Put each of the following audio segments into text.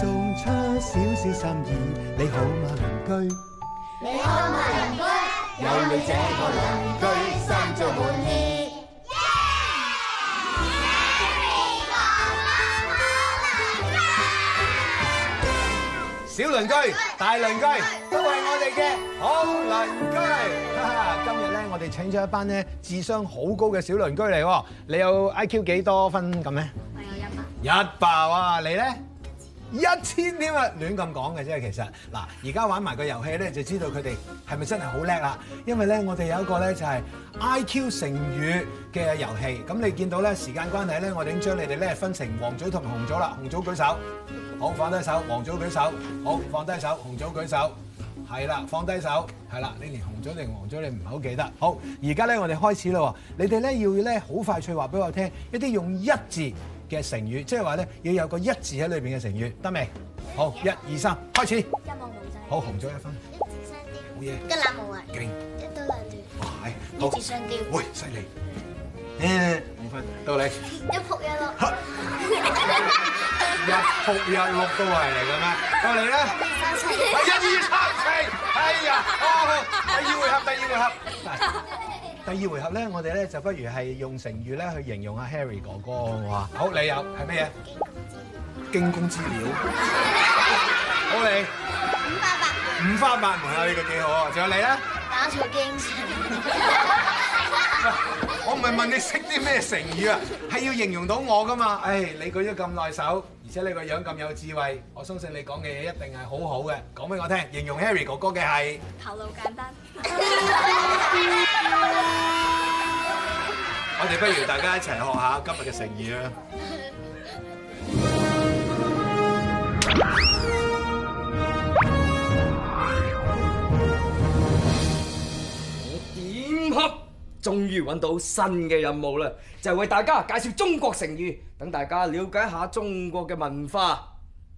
送出少少心意，你好嘛鄰居？你好嘛鄰居？有你這個鄰居，心中滿意。Yeah! Yeah! 耶！Happy 過好樂暢。鄰居，小鄰居、大鄰居都係我哋嘅好鄰居。鄰居鄰居鄰居鄰居，今日咧，我哋請咗一班咧智商好高嘅小鄰居嚟。你有 IQ 幾多分咁咧？我有一百。一百哇！你咧？一千點啊，亂咁講嘅啫，其實嗱，而家玩埋個遊戲咧，就知道佢哋係咪真係好叻啦。因為咧，我哋有一個咧就係 IQ 成語嘅遊戲。咁你見到咧，時間關係咧，我哋已經將你哋咧分成黃組同紅組啦。紅組舉手，好，放低手；黃組舉手，好，放低手。紅組舉手，係啦，放低手，係啦。你連紅組定黃組你唔好記得。好，而家咧我哋開始啦喎，你哋咧要咧好快脆話俾我聽，一啲用一字。嘅成語，即係話咧要有個一字喺裏邊嘅成語，得未？好，一、二、三，開始。一目紅盡。好，紅咗一分。一字雙雕。冇嘢。一覽無遺。勁。一刀兩斷。哇，好。一字雙雕。喂，犀利。嗯，五分，到你。一仆一落。一仆一落都係嚟嘅咩？到你啦。一、二、三、四。哎呀，啊，第二回合，第二回合。第二回合咧，我哋咧就不如係用成語咧去形容下 Harry 哥哥喎。好，你有係咩嘢？驚弓之鳥。驚弓之鳥。 好你，五花八,八五花八門啊，呢、這個幾好啊！仲有你咧。打草驚。 我唔係問你識啲咩成語啊，係要形容到我噶嘛。哎，你舉咗咁耐手，而且你個樣咁有智慧，我相信你講嘅嘢一定係好好嘅。講俾我聽，形容 Harry 哥哥嘅係頭腦簡單。我哋不如大家一齊學下今日嘅成語啊。終於揾到新嘅任務啦，就係為大家介紹中國成語，等大家了解一下中國嘅文化。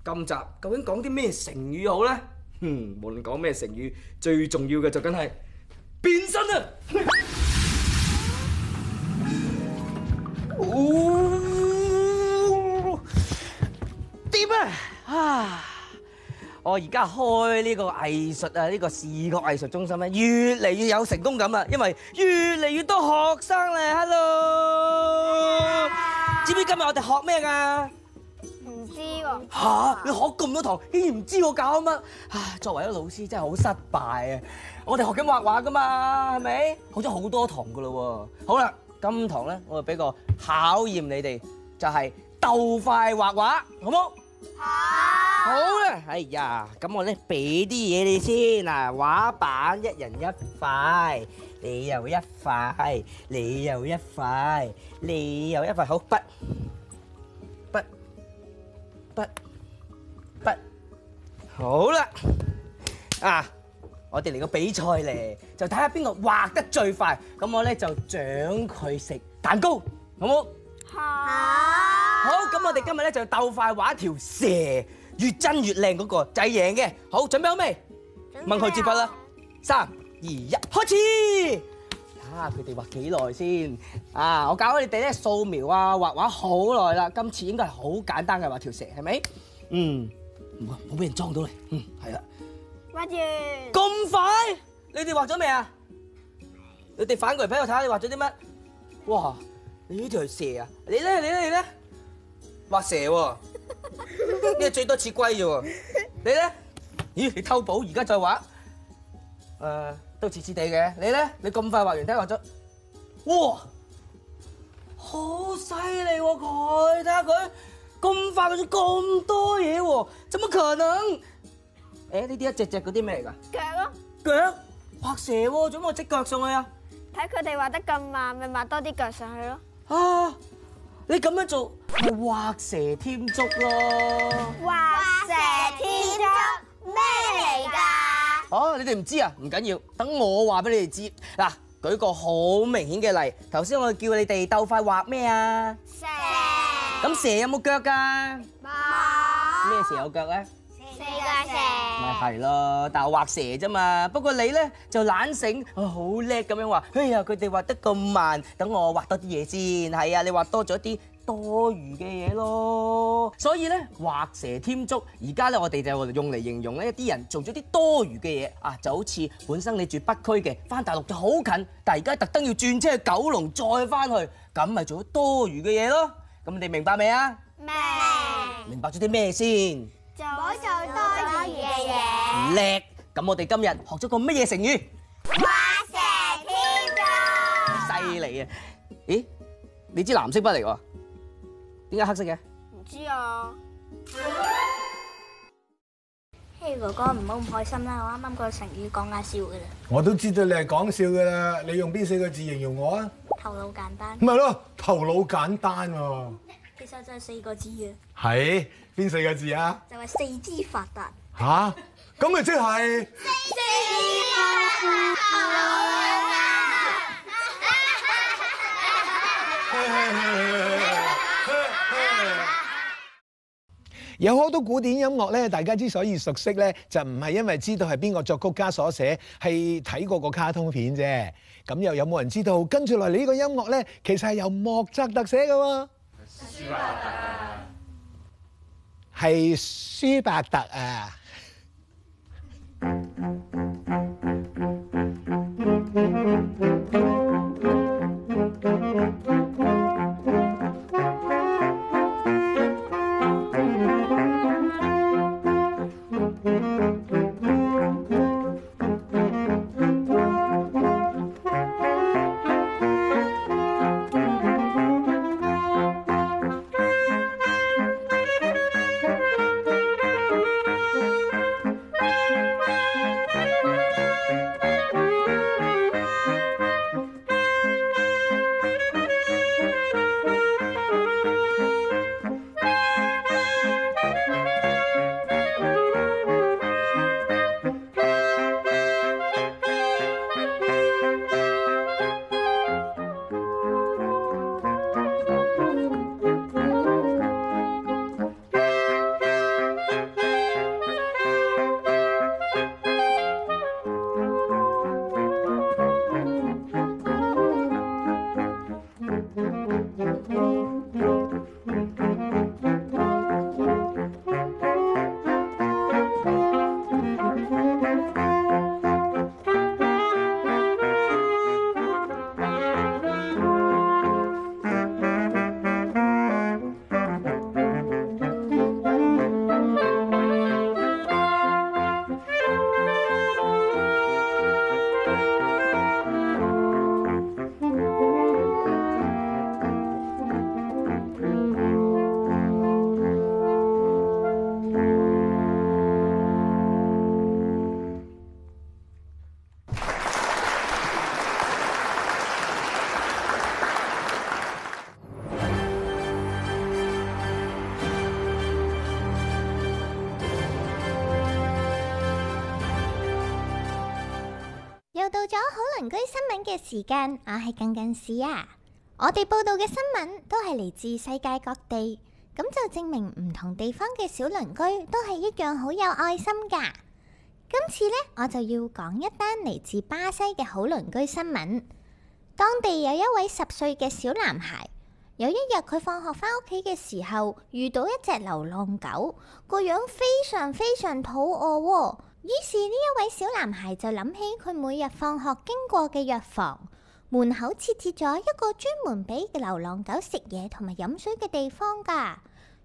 今集究竟講啲咩成語好呢？嗯，無論講咩成語，最重要嘅就梗係變身啊！點呀？啊！我而家開呢個藝術啊，呢個視覺藝術中心咧，越嚟越有成功感啦，因為越嚟越多學生咧。Hello，Hello。知唔知今日我哋學咩啊？唔知喎。你學咁多堂，竟然唔知我搞乜？唉，啊，作為一個老師真係好失敗啊！我哋學緊畫畫噶嘛，係咪？學咗好多堂噶嘞喎。好啦，今堂咧，我就俾個考驗你哋，就係鬥快畫畫，好唔好？好，好啦，哎呀，咁我咧俾啲嘢你先嗱，畫板一人一塊，你又一塊，你又一塊，你又一塊，好，筆筆筆筆，好啦，啊，我哋嚟個比賽嚟，就睇下邊個畫得最快，咁我咧就獎佢食蛋糕，好唔好？好。好，咁我哋今日咧就鬥快畫條蛇，越真越靚嗰個就係贏嘅。好，準備好未？問佢接筆啦。三、二、一，開始。啊！佢哋畫幾耐先？啊！我教咗你哋咧素描啊，畫畫好耐啦。今次應該係好簡單嘅畫條蛇，係咪？嗯。唔好，冇俾人裝到你。嗯，係啦。畫住。咁快？你哋畫咗未啊？你哋反過嚟俾我睇下，你畫咗啲乜？哇！你呢條蛇啊？你咧？你咧？你咧？畫蛇喎，呢個最多似龜嘅喎，你咧？咦，你偷寶而家再畫，誒，都似似地嘅。你咧？你咁快畫完，睇下畫咗。哇，好犀利喎！佢睇下佢咁快畫咗咁多嘢喎，怎麼可能？誒，呢啲一隻隻嗰啲咩嚟㗎？腳咯，腳，畫蛇喎，做乜我隻腳上去啊？睇佢哋畫得咁慢，咪畫多啲腳上去咯。啊！你咁樣做係畫蛇添足咯！畫蛇添足咩嚟㗎？哦，你哋唔知啊？唔緊要，等我話俾你哋知。嗱，舉個好明顯嘅例，頭先我叫你哋鬥快畫咩啊？蛇。咁蛇有冇腳㗎？冇。咩蛇有腳咧？咪係咯，但係畫蛇啫嘛。不過你咧就懶醒，好叻咁樣話，哎呀佢哋畫得咁慢，等我畫多啲嘢先。係啊，你畫多咗啲多餘嘅嘢咯。所以咧，畫蛇添足，而家咧我哋就用嚟形容咧一啲人做咗啲多餘嘅嘢啊，就好似本身你住北區嘅，翻大陸就好近，但係而家特登要轉車去九龍再翻去，咁咪做咗多餘嘅嘢咯。咁你明白未啊？明米，明白咗啲咩先？唔好做多餘嘅嘢。叻，咁我哋今日學咗個乜嘢成語？畫蛇添足。犀利啊！咦，你支藍色筆嚟㗎？點解黑色嘅？唔知啊。嘿，哥哥唔好唔開心啦，我啱啱個成語講下笑噶啦。我都知道你係講笑噶啦，你用呢四個字形容我啊？頭腦簡單。咪咯，頭腦簡單喎。其實，係四個字嘅，係邊四個字啊？就係四肢發達。嚇、啊！咁咪即係。有好多古典音樂咧，大家之所以熟悉咧，就唔係因為知道係邊個作曲家所寫，係睇過個卡通片啫。咁又有冇人知道跟住落嚟呢個音樂咧，其實係由莫扎特寫嘅喎。舒伯特，係舒伯特啊。又到咗好鄰居新聞嘅時間，我係近近視啊！我哋報道嘅新聞都係嚟自世界各地，咁就證明唔同地方嘅小鄰居都係一樣好有愛心噶。今次呢，我就要講一單嚟自巴西嘅好鄰居新聞。當地有一位十歲嘅小男孩，有一日佢放學返屋企嘅時候，遇到一隻流浪狗，個樣非常非常肚餓喎。於是呢一位小男孩就諗起佢每日放學經過嘅藥房門口設置咗一個專門俾流浪狗食嘢同埋飲水嘅地方噶。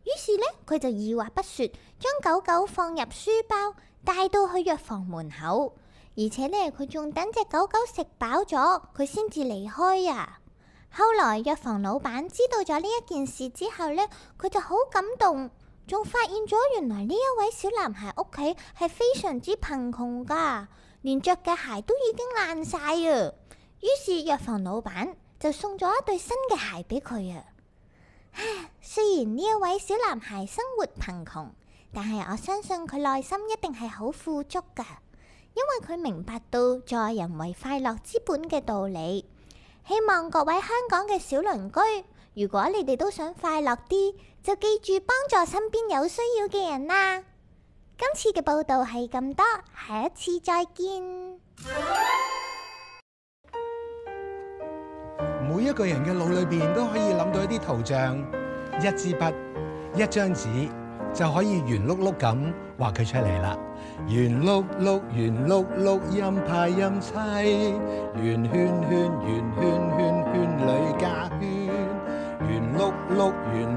於是呢，佢就二話不說，將狗狗放入書包，帶到去藥房門口。而且呢，佢仲等隻狗狗食飽咗，佢先至離開啊。後來藥房老闆知道咗呢一件事之後呢，佢就好感動。仲發現咗，原來呢一位小男孩屋企係非常之貧窮噶，連着嘅鞋都已經爛曬啊！於是藥房老闆就送咗一對新嘅鞋俾佢啊！唉，雖然呢一位小男孩生活貧窮，但係我相信佢內心一定係好富足噶，因為佢明白到助人為快樂之本嘅道理。希望各位香港嘅小鄰居，如果你哋都想快樂啲，就記住幫助身邊有需要嘅人啦！今次嘅報道係咁多，下一次再見。每一個人嘅腦裏邊都可以諗到一啲圖像，一支筆、一張紙就可以圓碌碌咁畫佢出嚟啦。圓碌碌，圓碌碌，音派音妻，圓圈圈，圓圈圈，圈裏加圈，圓碌碌，圓。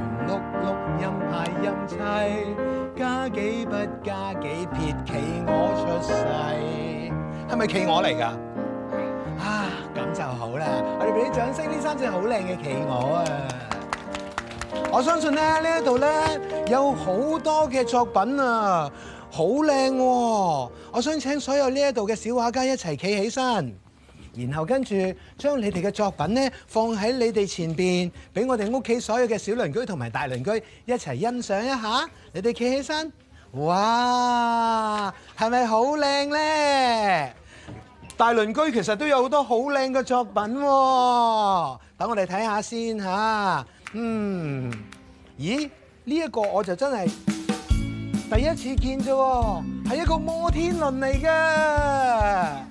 六六陰派陰妻，加幾不加幾撇，撇企鵝出世，係咪企鵝嚟㗎？啊，咁就好啦，我哋俾啲掌聲呢三隻好靚嘅企鵝啊！ 我相信咧，呢一度咧有好多嘅作品啊，好靚啊！我想請所有呢一度嘅小畫家一齊企起身。然後跟住將你哋嘅作品呢放喺你哋前邊，俾我哋屋企所有嘅小鄰居同埋大鄰居一齊欣賞一下。你哋企起身，哇，係咪好靚呢？大鄰居其實都有好多好靚嘅作品喎，等我哋睇下先嚇。嗯，咦？呢一個我就真係第一次見啫，係一個摩天輪嚟嘅。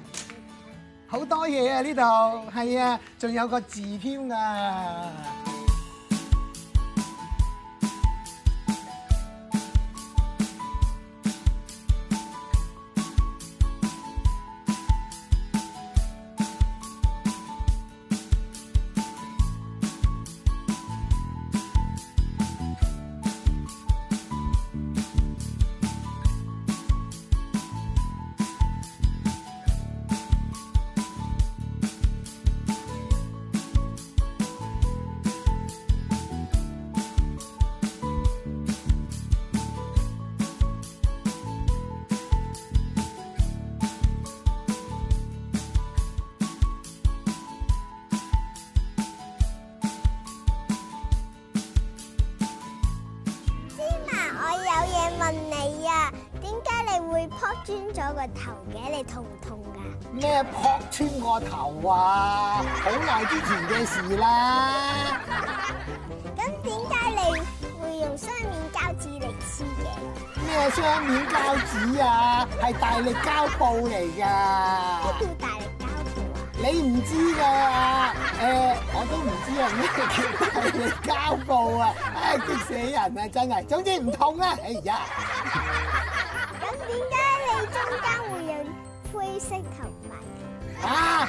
好多嘢啊！呢度係啊，仲有個字添㗎。穿咗個頭嘅，你痛唔痛噶？咩撲穿個頭啊？好耐之前嘅事啦。咁點解你會用雙面膠紙嚟黐嘅？咩雙面膠紙啊？係大力膠布嚟噶。乜叫大力膠布啊？你唔知噶？誒、呃，我都唔知係咩叫大力膠布啊、哎！激死人啊，真係。總之唔痛啦。哎呀。 灰色頭髮啊！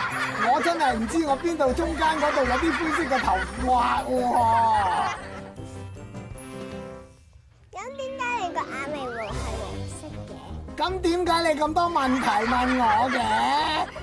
我真係唔知我邊度中間嗰度有啲灰色嘅頭髮喎。咁點解你個眼眉毛係黃色嘅？咁點解你咁多問題問我嘅？